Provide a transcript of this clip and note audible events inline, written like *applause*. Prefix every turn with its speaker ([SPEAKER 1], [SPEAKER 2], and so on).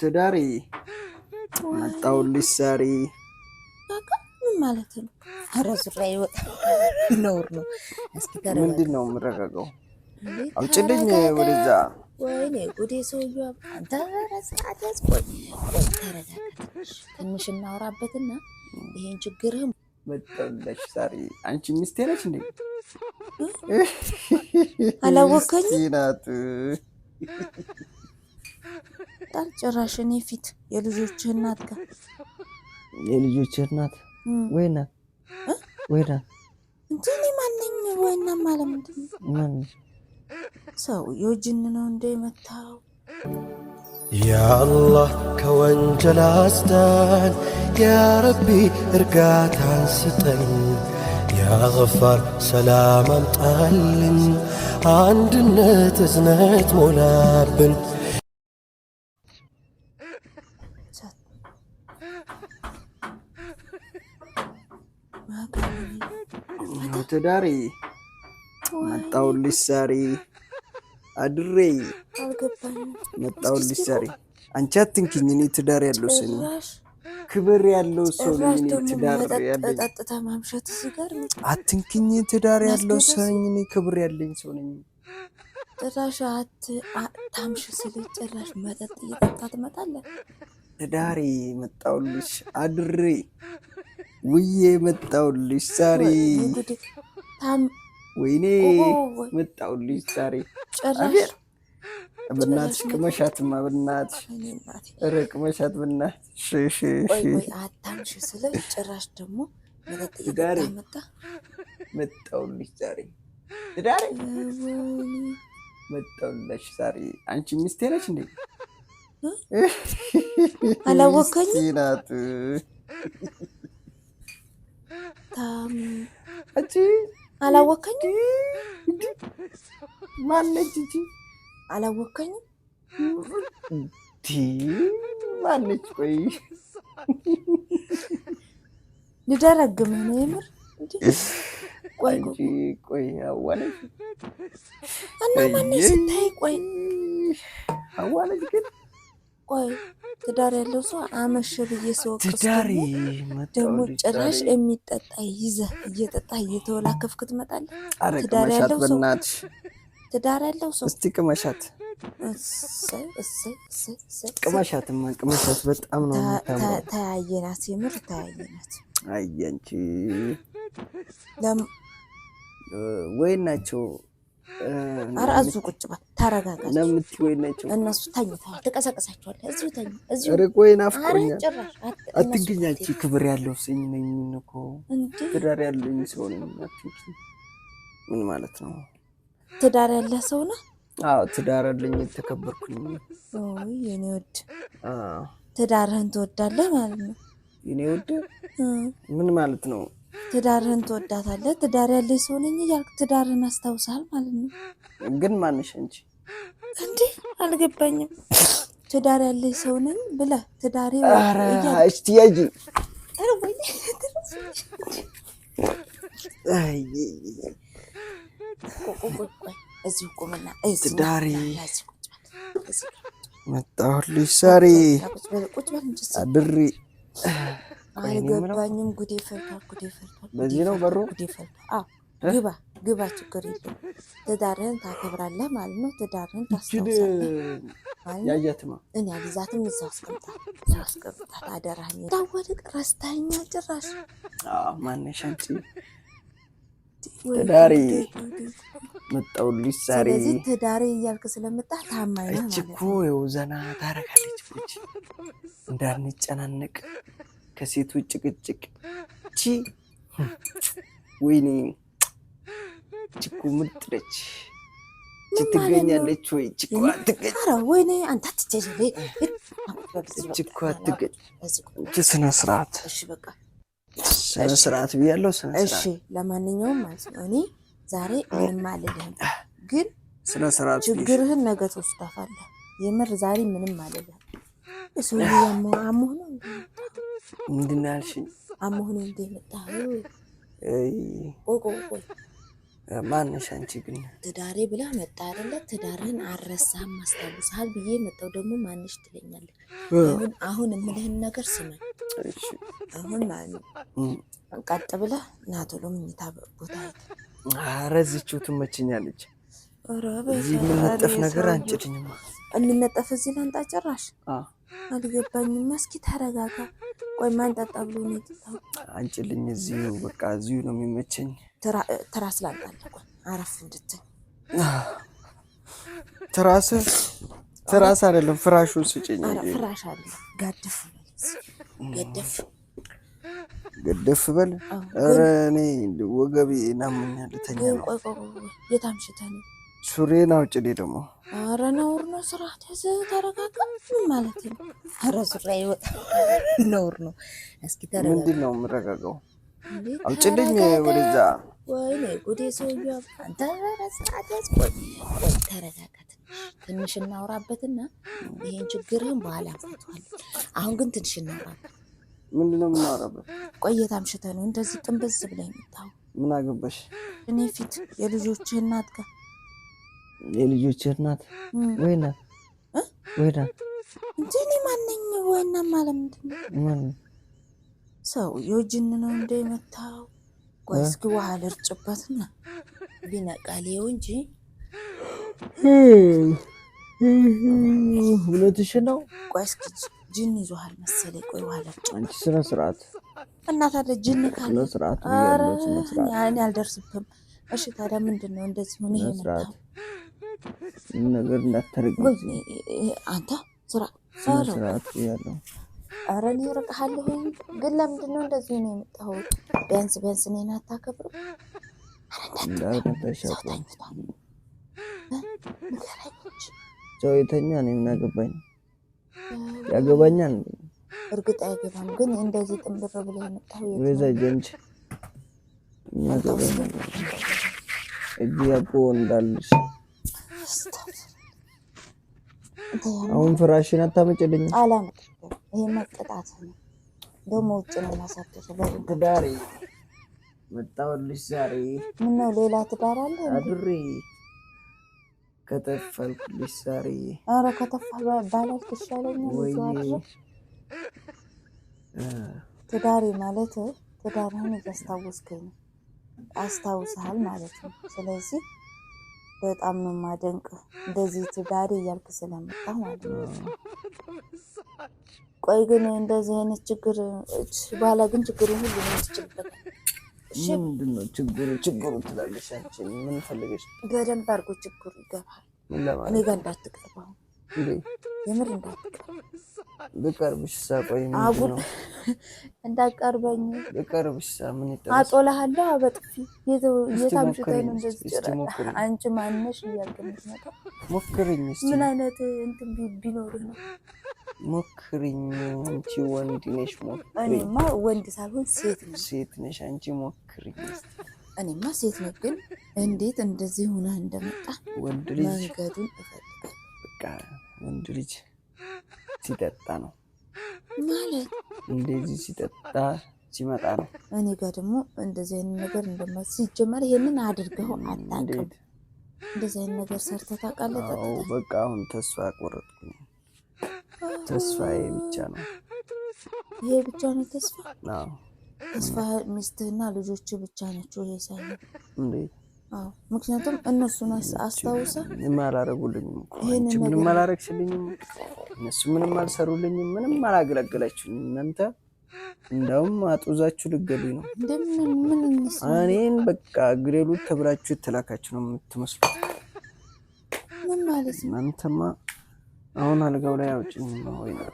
[SPEAKER 1] ትዳሪ መጣሁልሽ ሳሪ
[SPEAKER 2] ምን ማለት ነው? ኧረ ዙሪያ ይወጣ ነውር ነው።
[SPEAKER 1] ምንድን ነው የምረጋገው? አውጭልኝ ወደዛ።
[SPEAKER 2] ወይኔ ጉዴ ሰውዬው። አንተ ሰዓት ያዝ። ቆይ ቆይ፣ ተረጋጋ ትንሽ እናወራበትና ይሄን ችግርህም
[SPEAKER 1] መጣሁልሽ ዛሬ። አንቺ ሚስቴ ነች እንዴ? አላወቀኝ ናት
[SPEAKER 2] ጭራሽ እኔ ፊት የልጆች እናት ጋር
[SPEAKER 1] የልጆችህ እናት ወይና ወይና
[SPEAKER 2] እንዴ እኔ ማነኝ? ወይና ማለት ምንድን ነው? ሰውየው ጅን ነው እንደ መታው።
[SPEAKER 1] ያአላህ ከወንጀል አስዳን፣ ያረቢ እርጋታን ስጠኝ፣ ያገፋር ሰላም አምጣልን፣ አንድነት እዝነት ሞላብን ትዳሬ መጣሁልሽ ዛሬ አድሬ መጣሁልሽ ዛሬ። አንቺ አትንኪኝ፣ እኔ ትዳር ያለው ሰው ክብር ያለው ሰው ነኝ። ትዳር ያለኝ አትንኪኝ፣ ትዳር ያለው ሰው ነኝ። እኔ ክብር ያለኝ ሰው ነኝ።
[SPEAKER 2] ጭራሽ አታምሽ ስልሽ ጭራሽ መጠጥ እየጠጣ ትመጣለህ።
[SPEAKER 1] ትዳሬ መጣሁልሽ አድሬ ውዬ መጣሁልሽ ዛሬ ወይኔ መጣሁልሽ ዛሬ። በእናትሽ ቅመሻትማ፣ በእናትሽ ኧረ ቅመሻት በእናትሽ
[SPEAKER 2] ጭራሽ ደግሞ ዳሬ
[SPEAKER 1] መጣሁልሽ ዛሬ ዳሬ መጣሁልሽ ዛሬ። አንቺ ሚስቴ ነች እንዴ? አላወቀኝ ናት አልመታም። እቺ
[SPEAKER 2] አላወከኝም።
[SPEAKER 1] ማነች እቺ?
[SPEAKER 2] አላወከኝም።
[SPEAKER 1] ማነች? ቆይ
[SPEAKER 2] ልደረግም ነው የምር እና ማነች ስታይ ቆይ
[SPEAKER 1] አዋለች ግን
[SPEAKER 2] ቆይ ትዳር ያለው ሰው አመሸ ብዬ ሰው ትዳሪ ደግሞ ጭራሽ የሚጠጣ ይዘ እየጠጣ እየተወላከፍክ ትመጣለህ።
[SPEAKER 1] ትዳር ያለው ሰው
[SPEAKER 2] ትዳር ያለው ሰው
[SPEAKER 1] እስቲ ቅመሻት፣ ቅመሻትማ፣ ቅመሻት በጣም ነው።
[SPEAKER 2] ተያየናት፣ የምር ተያየናት።
[SPEAKER 1] አይ ወይ ናቸው
[SPEAKER 2] ኧረ እዚሁ ቁጭ በል ተረጋጋ። እነሱ ተኝተዋል፣ ትቀሰቅሳቸዋለህ። እዚሁ ተኝ፣
[SPEAKER 1] እዚሁ አረ ቆይ ናፍቆኛል። አትገኝ አንቺ ክብር ያለው ሰኝ ነኝ እኮ ትዳር ያለኝ ሰው ነኝ። ምን ማለት ነው?
[SPEAKER 2] ትዳር ያለ ሰው ነው?
[SPEAKER 1] አዎ ትዳር አለኝ፣ የተከበርኩኝ
[SPEAKER 2] የኔ ወድ። ትዳርህን ትወዳለህ ማለት ነው
[SPEAKER 1] የኔ ወድ። ምን ማለት ነው?
[SPEAKER 2] ትዳርህን ትወዳታለህ፣ ትዳር ያለ ሰው ነኝ እያልክ ትዳርህን አስታውሳል ማለት ነው።
[SPEAKER 1] ግን ማንሽ እንጂ
[SPEAKER 2] እንዴ አልገባኝም። ትዳር ያለ ሰው ነኝ ብለህ ትዳሬ
[SPEAKER 1] እያጅ እዚሁ ቁምና ትዳሬ መጣሁልሽ ዛሬ አድሬ
[SPEAKER 2] አይገባኝም። ጉዴ ፈልቷል፣ ጉዴ ፈልቷል።
[SPEAKER 1] በዚህ ነው በሩ ጉዴ
[SPEAKER 2] ፈልቷል። ግባ ግባ፣ ችግር የለም። ትዳርህን ታከብራለህ ማለት ነው። ትዳርህን ታስታውሳለህ። እኔ አልይዛትም፣ እዛው አስቀምጣት፣ እዛው አስቀምጣት። አደራህን ታወድቅ። ረስተኸኛ ጭራሽ
[SPEAKER 1] ማነሽ አንቺ ትዳሬ መጣሁልሽ ዛሬ። ስለዚህ
[SPEAKER 2] ትዳሬ እያልክ ስለመጣ ታማኝ
[SPEAKER 1] ነው ማለት ነው። እኮ ዘና ታረጋለች እንዳንጨናነቅ ከሴቱ ጭቅጭቅ ቺ ወይኔ ችኩ ምርጥ ነች። ትገኛለች ወይ ችኩ ወይኔ አንተ ችኩ አትገኝ። ስነ ስርዓት ስነ ስርዓት ብያለሁ። እሺ
[SPEAKER 2] ለማንኛውም ማለት ነው እኔ ዛሬ ምንም አልልህም፣ ግን ስነ ስርዓት ችግርህን ነገ ትወስዳታለህ። የምር ዛሬ ምንም አልልህም እሱ አሞህ ነው
[SPEAKER 1] ምንድን ነው ያልሽኝ?
[SPEAKER 2] አሞህ ነው እንደ መጣህ
[SPEAKER 1] ማነሽ አንቺ? ግን
[SPEAKER 2] ትዳሬ ብላ መጣ አይደለ? ትዳርህን አረሳህም ማስታወስሃል ብዬ መጣው። ደግሞ ማነሽ ትለኛለህ። አሁን አሁን የምልህን ነገር ስማኝ። አሁን ማለት ነው ቀጥ ብለህ ና ቶሎ መኝታ ቦታ
[SPEAKER 1] ኧረ እዚችው ትመችኛለች። ኧረ በይ ነገር አንጭድኝማ
[SPEAKER 2] እንነጠፍ እዚህ ላንጣ ጭራሽ አልገባኝም። እስኪ ተረጋጋ። ቆይ ማን ጠጣ ብሎ ነው የጠጣው?
[SPEAKER 1] አንጭልኝ። እዚሁ በቃ እዚሁ ነው የሚመቸኝ።
[SPEAKER 2] ትራስ ላጣለ ቆይ አረፍ እንድትኝ።
[SPEAKER 1] ትራስ ትራስ አይደለም ፍራሹን ስጭኝ።
[SPEAKER 2] ፍራሽ አለ። ጋድፍ ገደፍ
[SPEAKER 1] ገደፍ በል። ኧረ እኔ ወገቤ ናምኛል። ተኛ ነው።
[SPEAKER 2] የታምሽተ ነው
[SPEAKER 1] ሱሬን አውጭልኝ ደግሞ
[SPEAKER 2] ኧረ ነውር ነው። ስራ ተዘ ተረጋጋ ማለት ነው። አረ ዙሪያ ይወጣ ነውር ነው።
[SPEAKER 1] እስኪ ተረጋጋ። ምንድን ነው የምረጋጋው? አምጪልኝ ወደዛ።
[SPEAKER 2] ወይኔ ጉዴ ሰውዬው። አንተ ስርዓት ያዝ። ቆይ ተረጋጋ። ትንሽ እናውራበትና ይሄን ችግርህን በኋላ እንፈታዋለን። አሁን ግን ትንሽ እናውራበት።
[SPEAKER 1] ምንድን ነው የምናወራበት?
[SPEAKER 2] ቆየት አምሽተ ነው እንደዚህ ጥንብዝ ብለህ የምታው። ምን አገባሽ? እኔ ፊት የልጆችህ እናት ጋር
[SPEAKER 1] የልጆች እናት ወይ ናት ወይ ናት
[SPEAKER 2] እንጂ እኔ ማነኝ? ወይና ማለት ምንድን ነው? ሰውዬው ጅን ነው እንደ መታው ቆይ እስኪ ውሃ ልርጭበትና ቢነቃሌው እንጂ ሁለትሽ ነው። ቆይ እስኪ ጅን ይዞሃል መሰለኝ። ቆይ ውሃ ልርጭ። አንቺ ስነ ስርዓት እና ጅን ካለ ስርዓት ያልደርስብም። እሺ ታዲያ ምንድን ነው እንደዚህ ሆነ ይሄ መታው ነገር እንዳታደርግ አንተ ስራ ስርዓት ያለው ኧረ እኔ እርቅሃለሁ። ግን ለምንድን ነው እንደዚህ ነው የመጣኸው? ቢያንስ ቢያንስ እኔን አታከብርም? ሰው የተኛ እኔ ምን አገባኝ? ያገባኛል። እርግጥ አይገባም። ግን እንደዚህ ጥንብር ብለህ የመጣኸው ወይዛ ጀንጅ እጅ ያቆ እንዳልሽ አሁን ፍራሽን አታመጭልኝ? አላመጭም። ይሄ መቅጣት ነው። ደግሞ ውጭ ነው የማሳደሰው። ትዳሬ መጣሁልሽ ዛሬ። ምነው ሌላ ትዳር አለ? አድሬ ከተፈልኩልሽ ዛሬ። ኧረ ከተፋህ ባላል ይሻለኛል። ወይ ትዳሬ ማለት ትዳርህን እያስታወስከኝ አስታውሰሃል ማለት ነው። ስለዚህ በጣም ነው ማደንቅ እንደዚህ ትዳሪ እያልክ ስለመጣ ማለት ነው። ቆይ ግን እንደዚህ አይነት ችግር በኋላ ግን ችግሩ ሁሉ ችግር ምንድነው? ችግሩ ችግሩ ትላለሻችን ምን ፈልገሽ? በደንብ አድርጎ ችግሩ ይገባል። እኔ ጋር እንዳትቀርበው ብቀርብሽ ቆይ *laughs* እንዳቀርበኝ ብቀርብሽ ምን አጦልሃለሁ አበጥፊ የታምሽተን አንቺ ማነሽ እያልክ የምትመጣው ሞክርኝ። ምን አይነት እንትን ቢኖርህ ነው? ሞክርኝ። አንቺ ወንድ ነሽ። እኔማ ወንድ ሳልሆን ሴት ነሽ። ሴት ነሽ አንቺ። ሞክርኝ። እኔማ ሴት ነሽ፣ ግን እንዴት እንደዚህ ሆነህ እንደመጣ ወንድ ልጅ መንገዱን እፈልጋለሁ ወንድ ልጅ ሲጠጣ ነው ማለት እንደዚህ ሲጠጣ ሲመጣ ነው። እኔ ጋር ደግሞ እንደዚህ አይነት ነገር እንደማ ሲጀመር ይሄንን አድርገው አታውቅም። እንደዚህ አይነት ነገር ሰርተህ ታውቃለህ? በቃ አሁን ተስፋ ቆረጥኩ። ተስፋ ብቻ ነው፣ ይሄ ብቻ ነው ተስፋ። ተስፋ ሚስትህና ልጆች ብቻ ናቸው። ይሄ ሳይሆን እንዴት ምክንያቱም እነሱን አስታውሰ አላረጉልኝም፣ ምንም አላረግሽልኝም፣ እነሱ ምንም አልሰሩልኝም፣ ምንም አላገለገላችሁኝም። እናንተ እንደውም አጡዛችሁ ልገሉ ነው። እኔን በቃ ግሬሉ ተብላችሁ የተላካችሁ ነው የምትመስሉት። ምን ማለት ነው? እናንተማ አሁን አልጋው ላይ አውጭኝ ነው ወይ ነው